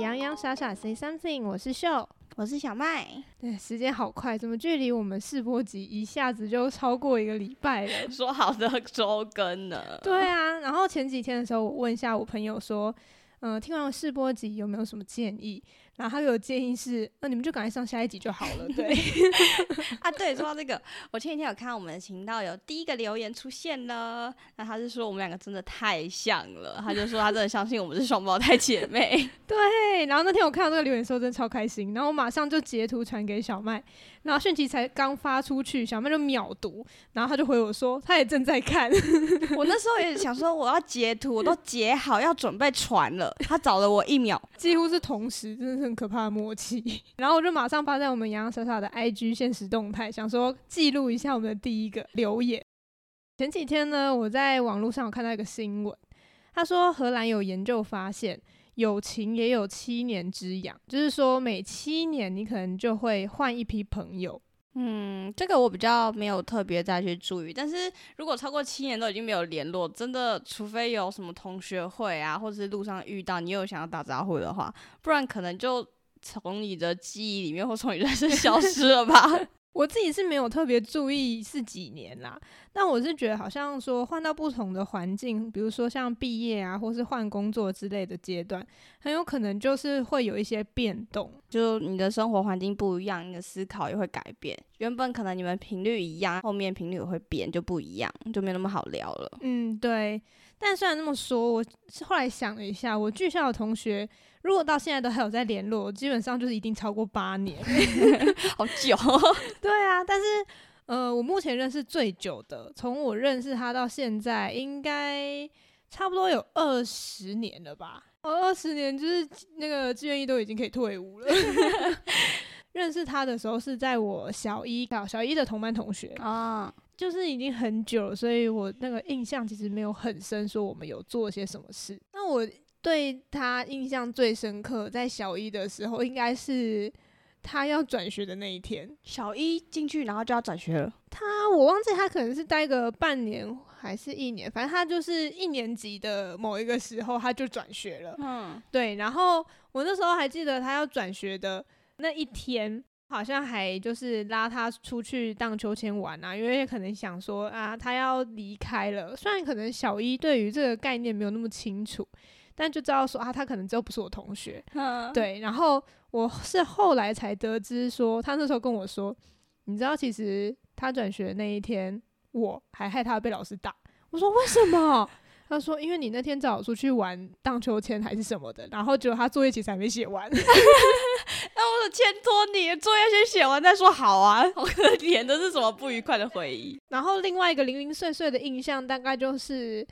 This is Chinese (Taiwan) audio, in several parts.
洋洋傻傻 say something，我是秀，我是小麥。對，時間好快，怎麼距離我們試播集一下子就超過一個禮拜了？ 說好的周更呢？對啊，然後前幾天的時候，我問一下我朋友說，嗯、呃，聽完試播集有沒有什麼建議？然後他有建議是，那、呃、你們就趕快上下一集就好了，對。 啊，對，說到這個，我前幾天有看到我們的頻道有第一個留言出現了，那他是說我們兩個真的太像了，他就說他真的相信我們是雙胞胎姐妹。 對，然後那天我看到這個留言說真的超開心，然後我馬上就截圖傳給小麥，然後訊息才剛發出去，小麥就秒讀，然後他就回我說他也正在看。 我那時候也想說我要截圖，我都截好要準備傳了，他找了我一秒，幾乎是同時，真的是。更可怕的默契， 然後我就馬上發在我們洋洋灑灑的 IG 限時動態，想說記錄一下我們的第一個留言。前幾天呢，我在網絡上有看到一個新聞，他說荷蘭有研究發現，友情也有七年之癢，就是說每七年你可能就會換一批朋友。嗯，這個我比較沒有特別再去注意，但是如果超過七年都已經沒有聯絡，真的除非有什麼同學會啊，或者是路上遇到你又想要打招呼的話，不然可能就從你的記憶裡面或從你的人生消失了吧。 我自己是沒有特別注意是幾年啦，但我是覺得好像說換到不同的環境，比如說像畢業啊，或是換工作之類的階段，很有可能就是會有一些變動，就你的生活環境不一樣，你的思考也會改變。原本可能你們頻率一樣，後面頻率也會變，就不一樣，就沒那麼好聊了。嗯，對。但雖然這麼說，我是後來想了一下，我住校的同學。如果到現在都還有在聯絡，基本上就是一定超過八年，好久。對啊，但是呃，我目前認識最久的，從我認識他到現在，應該差不多有二十年了吧？我二十年就是那個志願役，都已經可以退伍了。 認識他的時候是在我小一，小小一的同班同學啊，oh. 就是已經很久了，所以我那個印象其實沒有很深，說我們有做些什麼事。那我。對他印象最深刻，在小一的時候，應該是他要轉學的那一天。小一進去，然後就要轉學了。他我忘記他可能是待個半年還是一年，反正他就是一年級的某一個時候，他就轉學了。嗯，對。然後我那時候還記得他要轉學的那一天，好像還就是拉他出去盪秋千玩啊，因為可能想說啊，他要離開了。雖然可能小一對於這個概念沒有那麼清楚。但就知道說啊，他可能就不是我同學，嗯，對。然後我是後來才得知說，他那時候跟我說，你知道，其實他轉學的那一天，我還害他被老師打。我說為什麼？ 他說因為你那天找我出去玩盪秋千還是什麼的，然後結果他作業其實還沒寫完。那我說，千托你作業先寫完再說，好啊，我可憐的是什麼不愉快的回憶？然後另外一個零零碎碎的印象，大概就是。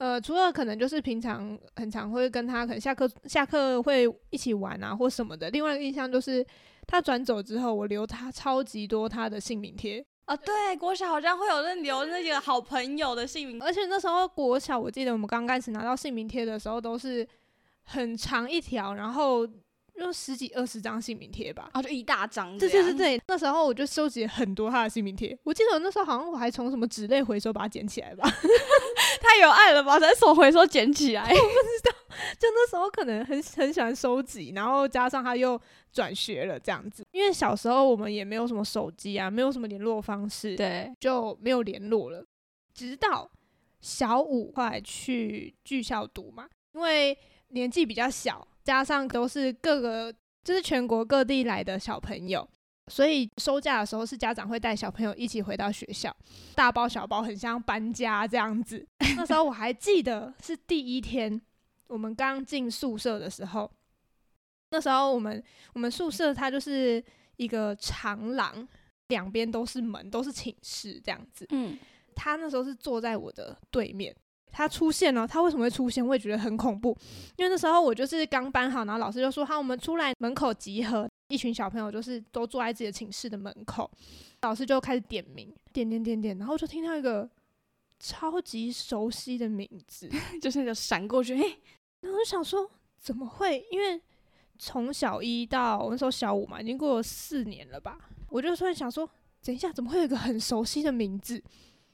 呃，除了可能就是平常很常會跟他，可能下課下課會一起玩啊，或什麼的。另外一個印象就是，他轉走之後，我留他超級多他的姓名貼啊。哦。對，國小好像會有人留那個好朋友的姓名，而且那時候國小，我記得我們剛剛開始拿到姓名貼的時候都是很長一條，然後。就十幾二十張姓名貼吧，然、啊、後就一大張。對對是對，對那時候我就收集很多他的姓名貼。我記得我那時候好像我還從什麼紙類回收把它撿起來吧， 太有愛了吧，在手回收撿起來。 我不知道，就那時候可能很很喜歡收集，然後加上他又轉學了，這樣子。因為小時候我們也沒有什麼手機啊，沒有什麼聯絡方式，對，就沒有聯絡了。直到小五快去劇校讀嘛，因為年紀比較小。加上都是各個，就是全國各地來的小朋友，所以收假的時候是家長會帶小朋友一起回到學校，大包小包很像搬家這樣子。 那時候我還記得是第一天我們剛進宿舍的時候，那時候我們我們宿舍它就是一個長廊，兩邊都是門，都是寢室這樣子。嗯，他那時候是坐在我的對面。他出現了，他為什麼會出現？我也覺得很恐怖，因為那時候我就是剛搬好，然後老師就說：“好，我們出來門口集合。”一群小朋友就是都坐在自己的寢室的門口，老師就開始點名，點點點點，然後我就聽到一個超級熟悉的名字， 就是那個閃過去，欸。然後我就想說，怎麼會？因為從小一到我那時候小五嘛，已經過了四年了吧？我就突然想說，等一下，怎麼會有一個很熟悉的名字？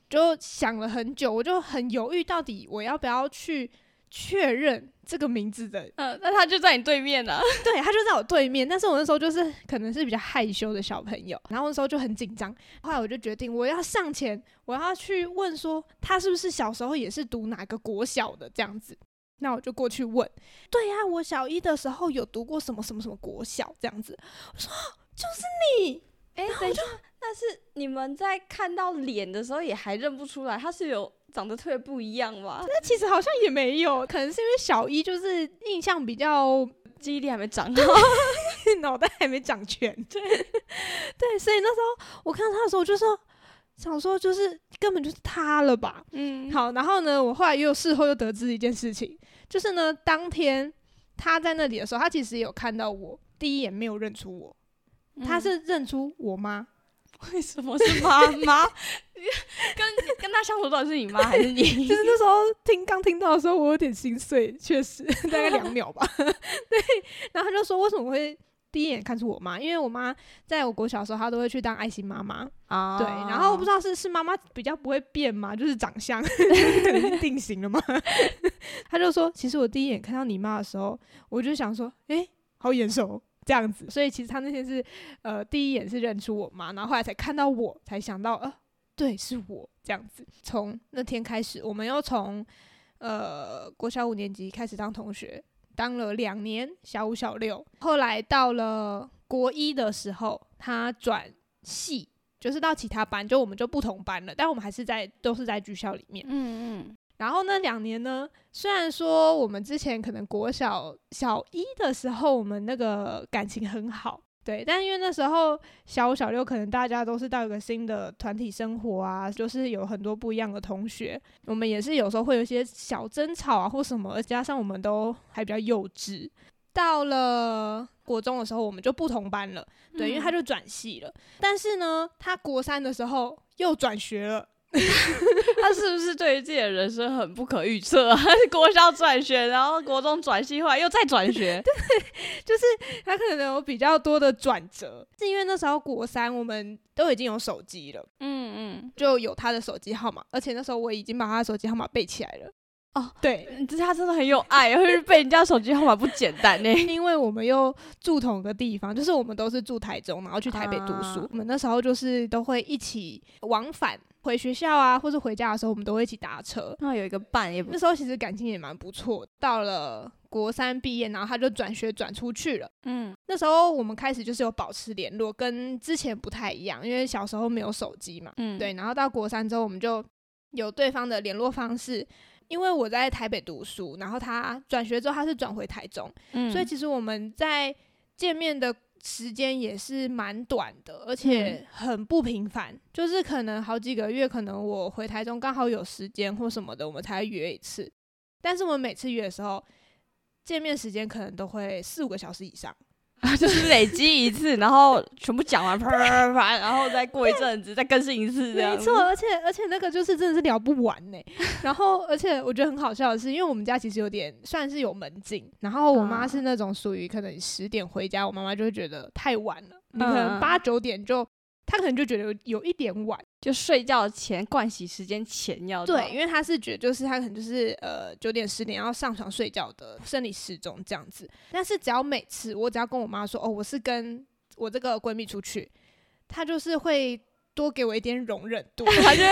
就想了很久，我就很猶豫，到底我要不要去確認這個名字的？呃、嗯，那他就在你對面了。對，他就在我對面。但是我那時候就是可能是比較害羞的小朋友，然後那時候就很緊張。後來我就決定，我要上前，我要去問說，他是不是小時候也是讀哪個國小的這樣子？那我就過去問。嗯、對呀，我小一的時候有讀過什麼什麼什麼國小這樣子。我說，哦、就是你。哎、欸，然後我就。等一下。但是你們在看到臉的時候也還認不出來，他是有長得特別不一樣嗎？那其實好像也沒有， 可能是因為小一就是印象比較記憶力還沒長好，腦 袋還沒長全。 對對，所以那時候我看到他的時候，我就說想說就是根本就是他了吧。嗯，好，然後呢，我後來又事後又得知一件事情，就是呢，當天他在那裡的時候，他其實也有看到我，第一眼沒有認出我，嗯、他是認出我媽。為什麼是媽媽？ 跟跟她相處到底是你媽還是你？就是那時候聽剛聽到的時候，我有點心碎，確實大概兩秒吧。 對，然後她就說，為什麼會第一眼看出我媽？因為我媽在我國小的時候，她都會去當愛心媽媽、哦、對，然後我不知道是是媽媽比較不會變嘛，就是長相 是可能是定型了嘛。她 就說，其實我第一眼看到你媽的時候，我就想說，誒、欸，好眼熟。這樣子，所以其實他那天是，呃，第一眼是認出我媽，然後後來才看到我才想到，呃，對，是我這樣子。從那天開始，我們又從，呃，國小五年級開始當同學，當了兩年小五小六，後來到了國一的時候，他轉系，就是到其他班，就我們就不同班了，但我們還是在都是在劇校裡面。嗯嗯。然後那兩年呢，雖然說我們之前可能國小小一的時候，我們那個感情很好，對，但因為那時候小五小六可能大家都是到一個新的團體生活啊，就是有很多不一樣的同學，我們也是有時候會有一些小爭吵啊或什麼，加上我們都還比較幼稚。到了國中的時候，我們就不同班了，對，因為他就轉系了。嗯、但是呢，他國三的時候又轉學了。 他是不是對於自己的人生很不可預測啊？他 是國小轉學，然後國中轉系，後來又再轉學， 對，就是他可能有比較多的轉折。是因為那時候國三我們都已經有手機了，嗯嗯，就有他的手機號碼，而且那時候我已經把他的手機號碼背起來了。哦、oh,，對，就是他真的很有愛， 會背人家手機號碼不簡單誒， 因為我們又住同一個地方，就是我們都是住台中，然後去台北讀書。啊、我們那時候就是都會一起往返回學校啊，或者回家的時候，我們都會一起打車。那有一個伴也，也那時候其實感情也蠻不錯。到了國三畢業，然後他就轉學轉出去了。嗯，那時候我們開始就是有保持聯絡，跟之前不太一樣，因為小時候沒有手機嘛。嗯，對，然後到國三之後，我們就有對方的聯絡方式。因為我在台北讀書，然後他轉學之後，他是轉回台中，嗯，所以其實我們在見面的時間也是蠻短的，而且很不頻繁，嗯，就是可能好幾個月，可能我回台中剛好有時間或什麼的，我們才會約一次。但是我們每次約的時候，見面時間可能都會四五個小時以上。 就是累積一次，然後全部講完， 啪啪啪啪啪，然後再過一陣子再更新一次，這樣沒錯。而且而且那個就是真的是聊不完呢、欸。 然後而且我覺得很好笑的是，因為我們家其實有點算是有門禁，然後我媽是那種屬於可能十點回家，我媽媽就會覺得太晚了，嗯、你可能八九點就。他可能就覺得有有一點晚，就睡覺前盥洗時間前要到。對，因為他是覺得就是他可能就是呃九點十點要上床睡覺的生理時鐘這樣子，但是只要每次我只要跟我媽說哦，我是跟我這個閨蜜出去，她就是會。多給我一點容忍度，感 覺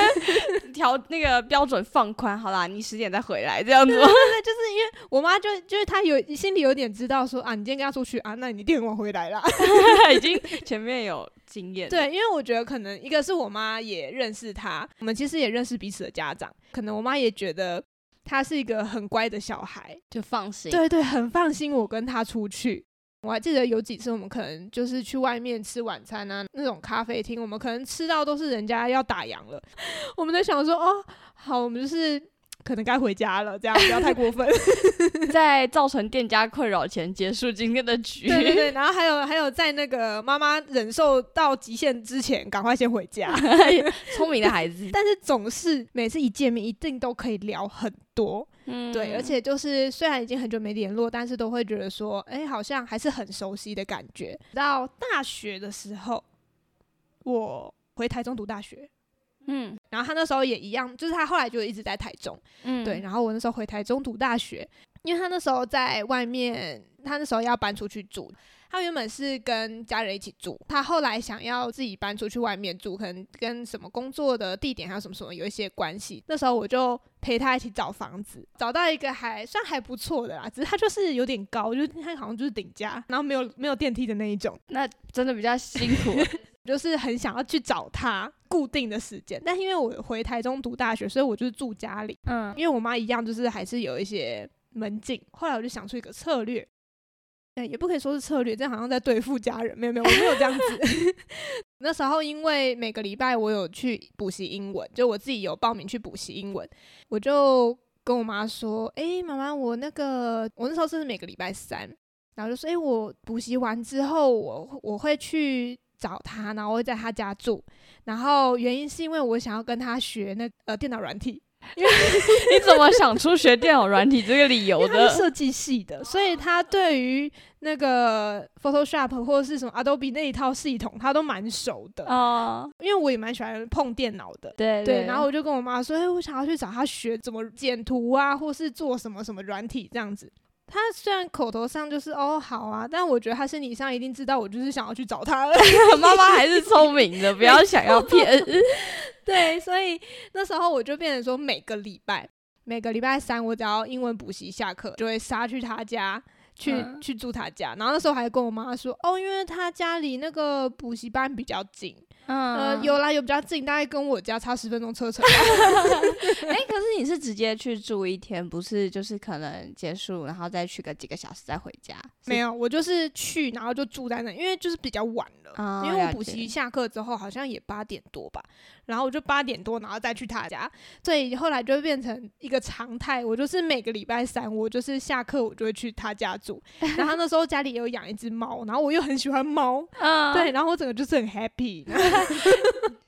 調那個標準放寬，好啦，你十點再回來這樣子。 對，對，對，就是因為我媽就就是她有心裡有點知道說啊，你今天跟她出去啊，那你一定很晚回來啦。她 已經前面有經驗。對，因為我覺得可能一個是我媽也認識她，我們其實也認識彼此的家長，可能我媽也覺得她是一個很乖的小孩，就放心。對對，對，很放心，我跟她出去。我還記得有幾次，我們可能就是去外面吃晚餐啊，那種咖啡廳，我們可能吃到都是人家要打烊了，我們在想說，哦，好，我們就是……可能該回家了，這樣不要太過分， 在造成店家困擾前結束今天的局。對對對，然後還有還有，在那個媽媽忍受到極限之前，趕快先回家，聰 明的孩子。但是總是每次一見面，一定都可以聊很多。嗯，對，而且就是雖然已經很久沒聯絡，但是都會覺得說，哎，好像還是很熟悉的感覺。到大學的時候，我回台中讀大學。嗯，然後他那時候也一樣，就是他後來就一直在台中，嗯，對。然後我那時候回台中讀大學，因為他那時候在外面，他那時候要搬出去住，他原本是跟家人一起住，他後來想要自己搬出去外面住，可能跟什麼工作的地點還有什麼什麼有一些關係。那時候我就陪他一起找房子，找到一個還算還不錯的啦，只是他就是有點高，就是、他好像就是頂加，然後沒有沒有電梯的那一種，那真的比較辛苦 就是很想要去找他。固定的時間，但因為我回台中讀大學，所以我就是住家裡。嗯，因為我媽一樣，就是還是有一些門禁。後來我就想出一個策略，哎、嗯，也不可以說是策略，這好像在對付家人，沒有沒有，我沒有這樣子。 那時候因為每個禮拜我有去補習英文，就我自己有報名去補習英文，我就跟我媽說：“哎、欸，媽媽，我那個我那時候是每個禮拜三，然後就所以、欸，我補習完之後，我我會去找她，然後我會在她家住。”然後原因是因為我想要跟他學那個、呃電腦軟體，因為 你怎麼想出學電腦軟體這個理由的？ 他是設計系的，所以他對於那個 Photoshop 或者是什麼 Adobe 那一套系統，他都蠻熟的、oh. 因為我也蠻喜歡碰電腦的，對對，對，對。然後我就跟我媽說，哎、欸，我想要去找他學怎麼剪圖啊，或是做什麼什麼軟體這樣子。他雖然口頭上就是哦好啊，但我覺得他身體上一定知道我就是想要去找他了。媽 媽還是聰明的，不要想要騙人。 對，所以那時候我就變成說，每個禮拜，每個禮拜三我只要英文補習下課，就會殺去他家，去、嗯、去住他家。然後那時候還跟我媽說，哦，因為他家離那個補習班比較近。嗯、呃，有啦，有比較近，大概跟我家差十分鐘車程吧。誒、 欸，可是你是直接去住一天，不是就是可能結束然後再去個幾個小時再回家？沒有，我就是去，然後就住在那裡，因為就是比較晚了，哦、了解。因為我補習下課之後好像也八點多吧，然後我就八點多然後再去他家，所以後來就會變成一個常態，我就是每個禮拜三我就是下課我就會去他家住，然後那時候家裡也有養一隻貓，然後我又很喜歡貓、嗯，對，然後我整個就是很 happy。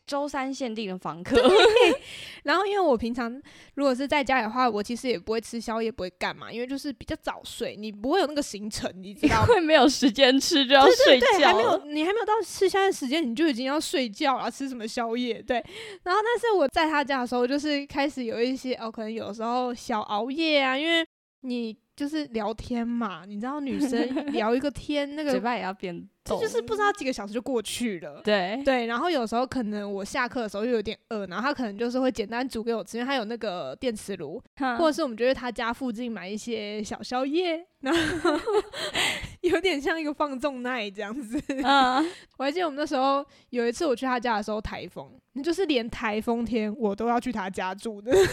周 三限定的房客， 然後因為我平常如果是在家裡的話，我其實也不會吃宵夜，不會幹嘛，因為就是比較早睡，你不會有那個行程，你知道嗎？會沒有時間吃就要睡覺，還沒有你還沒有到吃宵夜時間，你就已經要睡覺啊，吃什麼宵夜？對，然後但是我在他家的時候，就是開始有一些哦，可能有時候小熬夜啊，因為。你就是聊天嘛，你知道女生聊一個天， 那個嘴巴也要變動，就，就是不知道幾個小時就過去了。對對，然後有時候可能我下課的時候又有點餓，然後他可能就是會簡單煮給我吃，因為他有那個電磁爐，嗯，或者是我們就在他家附近買一些小宵夜。然後 有點像一個放縱奶這樣子，uh.，我還記得我們那時候有一次我去他家的時候，颱風，就是連颱風天我都要去他家住的， 你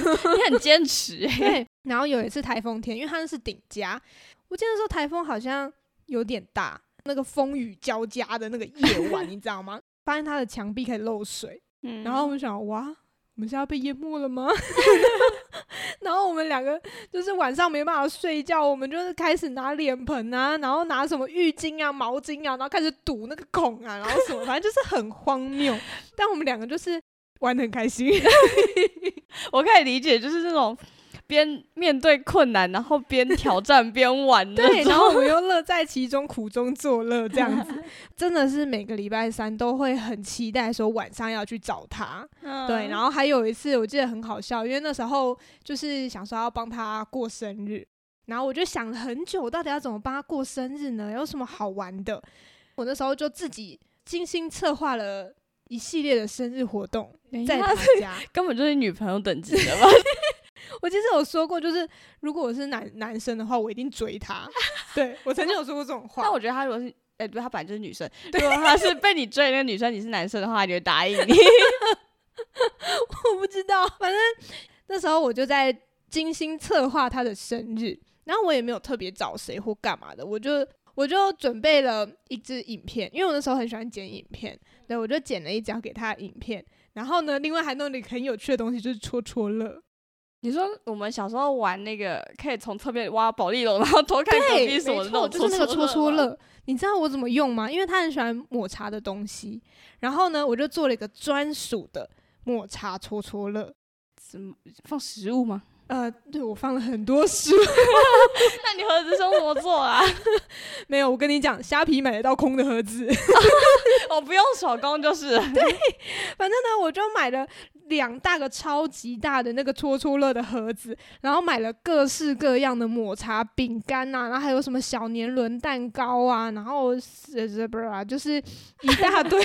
很堅持，欸，對。然後有一次颱風天，因為他是頂家，我記得那時候颱風好像有點大，那個風雨交加的那個夜晚， 你知道嗎？發現他的牆壁開始漏水，嗯，然後我們想說，哇，我們現在要被淹沒了嗎？ 兩個就是晚上沒辦法睡覺，我們就是開始拿臉盆啊，然後拿什麼浴巾啊、毛巾啊，然後開始堵那個孔啊，然後什麼，反正就是很荒謬。 但我們兩個就是玩得很開心， 我可以理解，就是這種。邊面對困難，然後邊挑戰，邊玩 對，然後我們又樂在其中，苦中作樂，這樣子， 真的是每個禮拜三都會很期待，說晚上要去找他、嗯。對，然後還有一次，我記得很好笑，因為那時候就是想說要幫他過生日，然後我就想了很久，到底要怎麼幫他過生日呢？有什麼好玩的？我那時候就自己精心策劃了一系列的生日活動，在他家、哎，根本就是女朋友等級的吧。 我其實有說過，就是如果我是男男生的話，我一定追她。 對我曾經有說過這種話。 但我覺得她如果是……哎、欸，不他本來就是女生。對 如果他是被你追的那個女生，你是男生的話，你就答應你。 我不知道，反正那時候我就在精心策劃她的生日，然後我也沒有特別找誰或幹嘛的，我就我就準備了一支影片，因為我那時候很喜歡剪影片，對，我就剪了一張給她影片。然後呢，另外還弄了一個很有趣的東西，就是戳戳樂。你說、啊、我們小時候玩那個可以從側面挖保麗龍，然後偷看隔壁什麼那、就是、那個戳戳樂，你知道我怎麼用嗎？因為他很喜歡抹茶的東西，然後呢，我就做了一個專屬的抹茶戳戳樂，什麼放食物嗎？呃，對我放了很多食物。 那你盒子是用什麼做啊？ 沒有，我跟你講，蝦皮買得到空的盒子， 我不用手工就是。 對，反正呢，我就買了。兩大個超級大的那個戳戳樂的盒子，然後買了各式各樣的抹茶餅乾吶、啊，然後還有什麼小年輪蛋糕啊，然後是不是啊？就是一大堆，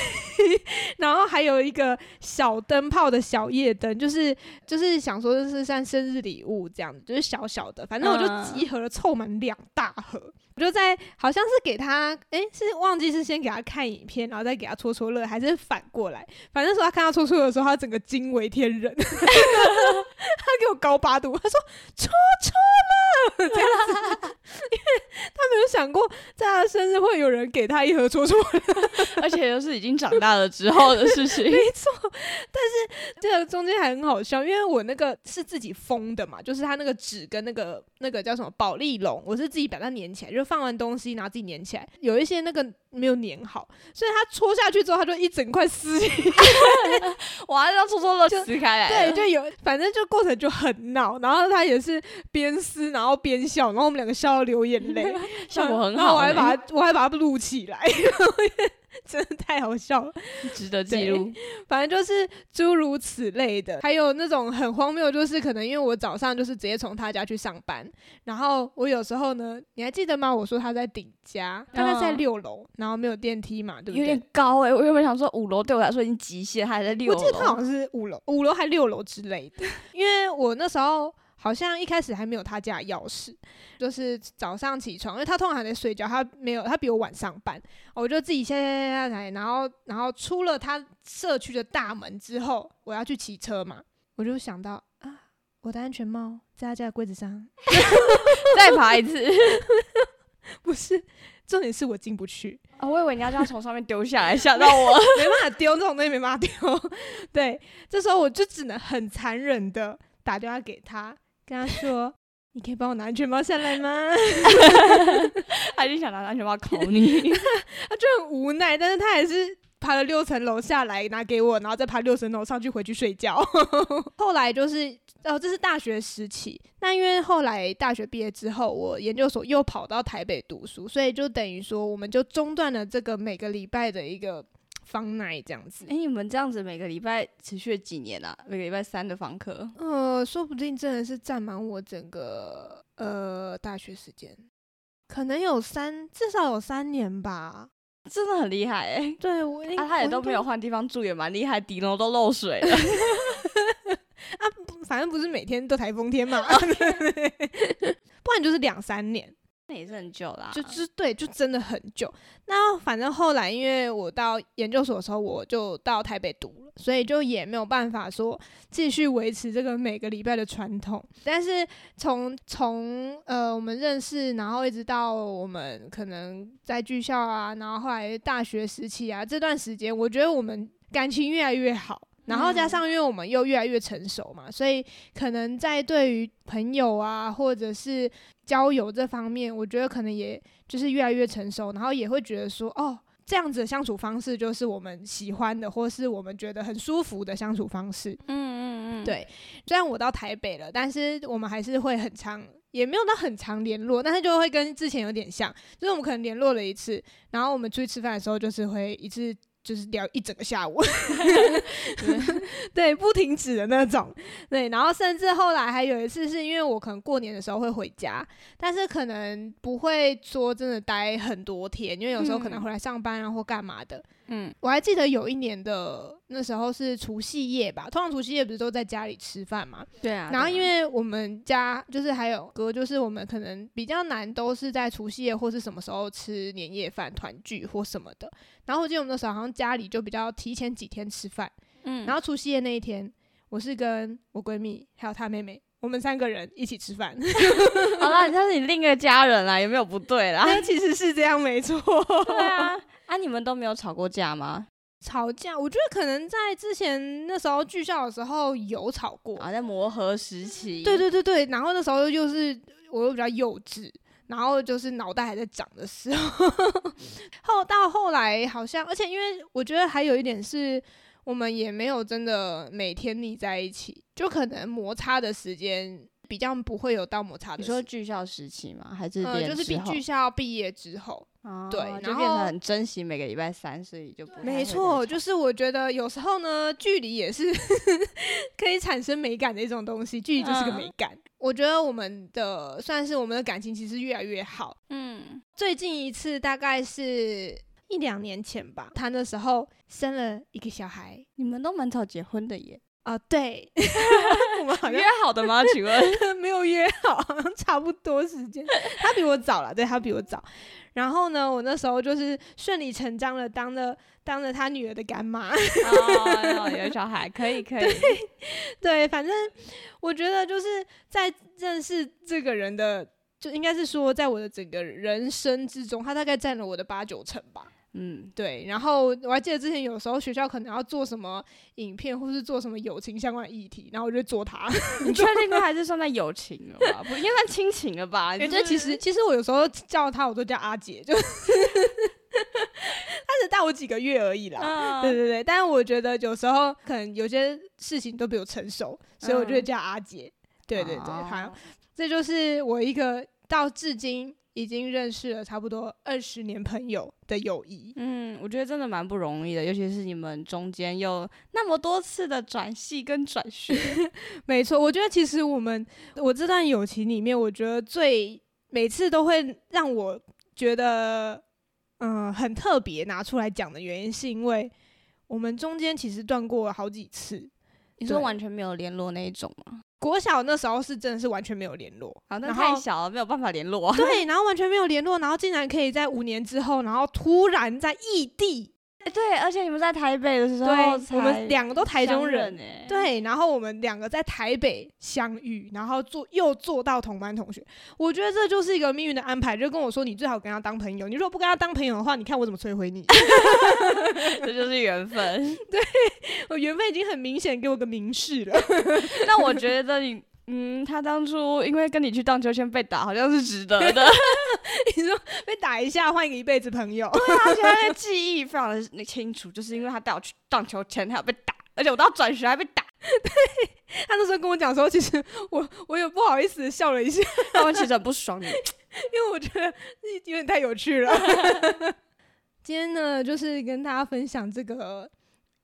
然後還有一個小燈泡的小夜燈，就是就是想說就是像生日禮物這樣子，就是小小的，反正我就集合了湊滿兩大盒。嗯我就在好像是給他哎、欸，是忘記是先給他看影片，然後再給他搓搓樂，還是反過來？反正說他看到搓搓樂的時候，他整個驚為天人， 他給我高八度，他說搓搓樂這樣子 因為。沒有想過在他生日會有人給他一盒戳戳，而且又是已經長大了之後的事情。 沒錯，但是這個中間還很好笑，因為我那個是自己封的嘛，就是他那個紙跟那個那個叫什麼保麗龍，我是自己把它粘起來，就放完東西拿自己粘起來，有一些那個沒有粘好，所以他戳下去之後，他就一整塊撕，哇，要戳戳都撕開來。對，就有反正就過程就很鬧，然後他也是邊撕然後邊笑，然後我們兩個笑到流眼淚。 效果很好，欸，我，我還把它我還把它錄起來， 真的太好笑了，值得記錄。反正就是諸如此類的，還有那種很荒謬，就是可能因為我早上就是直接從他家去上班，然後我有時候呢，你還記得嗎？我說他在頂家，大，嗯、概在六樓，然後沒有電梯嘛，對不對？有點高誒、欸。我又沒想說五樓對我來說已經極限，他還在六樓。我記得他好像是五樓，五樓還六樓之類的，因為我那時候。好像一開始還沒有他家鑰匙，就是早上起床，因為他通常還在睡覺，他沒有，他比我晚上班，我就自己先下，下，下來，然後，然後出了他社區的大門之後，我要去騎車嘛，我就想到啊，我的安全帽在他家的櫃子上， 再爬一次， 不是，重點是我進不去。哦，我以為你要這樣從上面丟下來嚇 到我， 沒辦法丟這種東西，沒辦法丟，對，這時候我就只能很殘忍的打電話給他。跟他說：“你可以幫我拿安全帽下來嗎？”他就想拿安全帽考你？他就很無奈，但是他還是爬了六層樓下來拿給我，然後再爬六層樓上去回去睡覺。 後來就是哦，這是大學時期。那因為後來大學畢業之後，我研究所又跑到台北讀書，所以就等於說，我們就中斷了這個每個禮拜的一個。方奈這樣子，哎、欸，你們這樣子每個禮拜持續了幾年啊？每個禮拜三的房客，呃，說不定真的是佔滿我整個呃大學時間，可能有三，至少有三年吧，真的很厲害哎、欸。對，我、啊、他也都沒有換地方住，也蠻厲害，底樓都漏水了。 啊不，反正不是每天都台風天嘛， Okay . 不然就是兩三年。那也是很久啦，啊，就是對，就真的很久。那反正後來，因為我到研究所的時候，我就到台北讀了，所以就也沒有辦法說繼續維持這個每個禮拜的傳統。但是從從呃我們認識，然後一直到我們可能在劇校啊，然後後來大學時期啊這段時間，我覺得我們感情越來越好。然後加上，因為我們又越來越成熟嘛，所以可能在對於朋友啊，或者是。交友這方面，我覺得可能也就是越來越成熟，然後也會覺得說，哦，這樣子的相處方式就是我們喜歡的，或是我們覺得很舒服的相處方式。嗯嗯嗯，對。雖然我到台北了，但是我們還是會很常，也沒有到很常聯絡，但是就會跟之前有點像，就是我們可能聯絡了一次，然後我們出去吃飯的時候，就是會一次。就是聊一整個下午 對，不停止的那種， 對。然後甚至後來還有一次，是因為我可能過年的時候會回家，但是可能不會說真的待很多天，因為有時候可能回來上班啊或幹嘛的。嗯嗯，我還記得有一年的那時候是除夕夜吧，通常除夕夜不是都在家裡吃飯嘛？對啊。然後因為我們家就是還有哥，就是我們可能比較難都是在除夕夜或是什麼時候吃年夜飯團聚或什麼的。然後我記得我們那時候好像家裡就比較提前幾天吃飯。嗯。然後除夕夜那一天，我是跟我閨蜜還有她妹妹，我們三個人一起吃飯。 好啦，那是你另一個家人啦，有沒有不對啦？對，其實是這樣沒，沒錯。對啊。啊！你們都沒有吵過架嗎？吵架，我覺得可能在之前那時候劇校的時候有吵過啊，在磨合時期。對對對對，然後那時候又是我又比較幼稚，然後就是腦袋還在長的時候。 後到後來好像，而且因為我覺得還有一點是我們也沒有真的每天膩在一起，就可能摩擦的時間。比較不會有到摩擦的，你說劇校時期嗎？還是、嗯、就是劇校畢業之後，哦、對然後，就變成很珍惜每個禮拜三，所以就不會會。沒錯。就是我覺得有時候呢，距離也是 可以產生美感的一種東西，距離就是個美感、嗯。我覺得我們的算是我們的感情其實越來越好。嗯，最近一次大概是一兩年前吧，談的時候生了一個小孩，你們都蠻早結婚的耶。啊、uh,，對， 我們好像 約好的嗎？請問 沒有約好，好像差不多時間，他比我早了，對他比我早。然後呢，我那時候就是順理成章的當了當了他女兒的乾媽。哦、oh, oh,， 有小孩可以可以對，對，反正我覺得就是在認識這個人的。就應該是說，在我的整個人生之中，他大概佔了我的八九成吧。嗯，對。然後我還記得之前有時候學校可能要做什麼影片，或是做什麼友情相關的議題，然後我就做他。你確定他還是算在友情了吧？ 不應該算親情了吧？感覺其實其實我有時候叫他，我都叫阿姐，就， 他只大我幾個月而已啦。啊、對對對，但是我覺得有時候可能有些事情都比我成熟，所以我就會叫阿姐。啊。對對對，好。這就是我一個到至今已經認識了差不多二十年朋友的友誼。嗯，我覺得真的蠻不容易的，尤其是你們中間有那麼多次的轉系跟轉學。呵呵，沒錯，我覺得其實我們我這段友情裡面，我覺得最每次都會讓我覺得嗯、呃、很特別拿出來講的原因，是因為我們中間其實斷過了好幾次。你說完全沒有聯絡那一種嗎？國小那時候是真的是完全沒有聯絡，然後那太小了沒有辦法聯絡，對，然後完全沒有聯絡，然後竟然可以在五年之後，然後突然在異地。對，對，而且你們在台北的時候對，我們兩個都台中人哎、欸。對，然後我們兩個在台北相遇，然後做又坐到同班同學，我覺得這就是一個命運的安排。就跟我說，你最好跟他當朋友。你如果不跟他當朋友的話，你看我怎麼摧毀你。 這就是緣分。對，我緣分已經很明顯，給我個明示了。 那我覺得你。嗯，他當初因為跟你去盪秋千被打，好像是值得的。你 說被打一下換一個一輩子朋友。對啊，而在他的記憶非常的清楚， 就是因為他帶我去盪秋千，他有被打，而且我到轉學還被打。對， 他那時候跟我講說，其實我我也不好意思笑了一下，但我其實很不爽你， 因為我覺得你有點太有趣了。 今天呢，就是跟大家分享這個，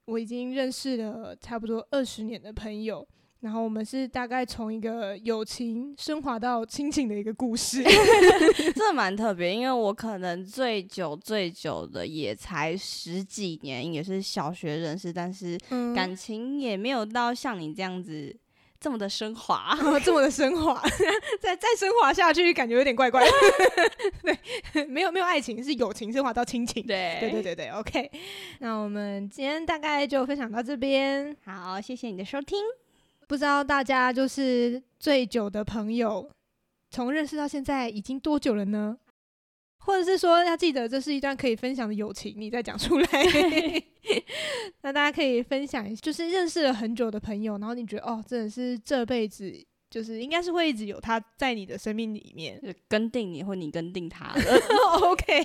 我已經認識了差不多二十年的朋友。然後我們是大概從一個友情升華到親情的一個故事， 這蠻特別。因為我可能最久最久的也才十幾年，也是小學認識，但是感情也沒有到像你這樣子這麼的升華，這麼的升華、嗯 哦， 再再升華下去感覺有點怪怪的。 對，沒有沒有愛情，是友情升華到親情對。對對對對對，OK。那我們今天大概就分享到這邊，好，謝謝你的收聽。不知道大家就是最久的朋友，從認識到現在已經多久了呢？或者是說要記得這是一段可以分享的友情，你再講出來。 那大家可以分享一下，就是認識了很久的朋友，然後你覺得哦，真的是這輩子就是應該是會一直有他，在你的生命裡面，就是跟定你，或你跟定他了。 OK，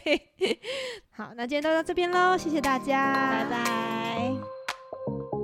好，那今天就到這邊嘍，謝謝大家，拜拜。拜拜。